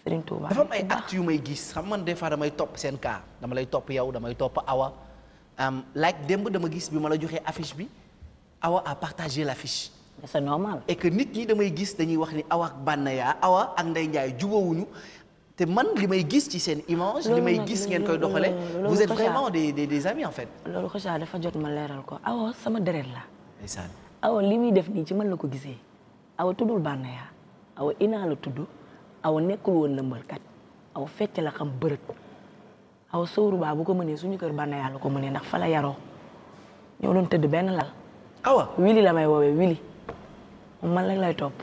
Serigne Touba dafa am ay yu may gis xam man des fois damay topp seen cas dama lay topp yow damay topp Awa laaj démb dama gis bi ma la joxee affice bi Awa a partage l'affiche c'est normal et nit ñi damay gis dañuy wax ni Awa ak Banaya Awa ak Ndeye Ndiaye jubawuñu te man li may gis ci seen image li may gis ngeen koy doxale vous êtes vraiment des en fait loolu xocaa dafa jot ma leeral ko Awa sama deret la ndeysaan li muy def nii ci man la ko gisee Awa tuddul Banaya Awa Ina la tudd awa nekkul woon lëmbalkat aw fecc la xam bërët aw sóoru baa bu ko mënee suñu kër bànn yàlla ko mënee ndax fa la yaroo ñoo tëdd benn lal awa wili la may woowee wili moom man rek lay topp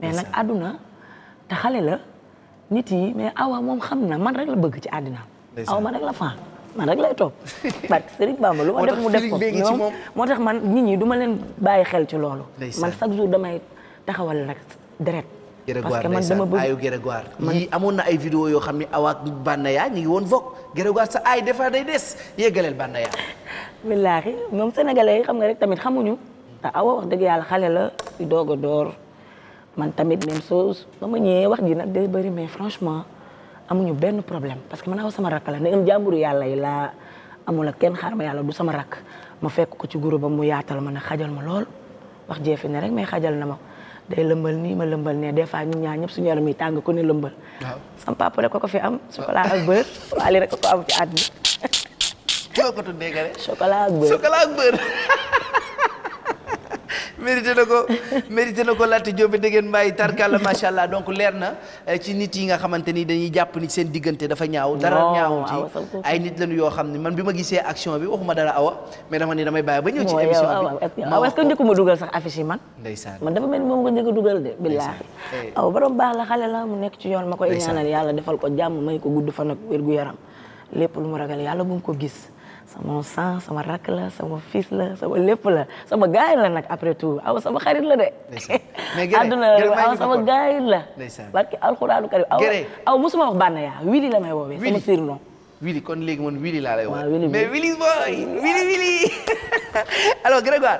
mais nag àdduna te xale la nit yi mais awa moom xam na man rek la bëgg ci àddina awa man rek la fan man rek lay topp barke Serigne Bamba lu ma def mu def ko ñoom moo tax man nit ñi duma leen bàyyi xel ci loolu man chaque jour damay taxawal nag deret parce que man dama bëgg ayu Grégoire yi amoon na ay vidéo yoo xam ne awaak bànnaya ñu ngi woon vogue Grégoire sa ay des fois day des yeggaleel bànnaya wallaahi moom sénégalais yi xam nga rek tamit xamuñu te ah, dëgg yàlla xale la doog a door man tamit même chose ba ñëwee wax ji nag day bëri mais franchement amuñu benn problème parce que man aw sama rakk la ne am jàmburu yàlla yi laa amula ak kenn xaar ma yàlla du sama rakk ma fekk ko ci groupe ba mu yaatal ma ne xajal ma lool wax jeefi ne rek mais xajal na ma day lëmbal nii ma lëmbal ne des fois ñun ñaar ñëpp suñu yaram yi tàng ku ne lëmbal. waaw ko ko fi am. chocolat ak beurre Wally rek ko am ci àdduna. kii la ak beurre mérité na ko mérité na ko laajte Diop bi dégg ngeen mbaay tarkalla allah donc leer na eh, ci nit yi nga xamante ni dañuy jàpp ni seen diggante dafa ñaaw. dara ñaaw ci ay yoo xam ne man bi ma gisee action bi waxuma dara awa mais dama ne damay ma wax ko est-ce que njëkkuma dugal sax affiche man. man dafa mel ni moom nga a dugal de. billaahi eh. aw borom baax la xale la mu nekk ci yoon ma koy ñaanal yàlla defal ko jàmm may ko gudd fan ak wér gu yaram lépp lu mu ragal yàlla bu mu ko gis sama sang sama rakk la sama fils la sama lépp la sama gaay la nag après tout aw sama xarit la de. adduna aw sama gaay la. barki alxuraanu karim aw aw musuma wax bànn yaa wili la may woowee. sama surnom wili kon léegi man wili laa lay wax. mais wili wili wili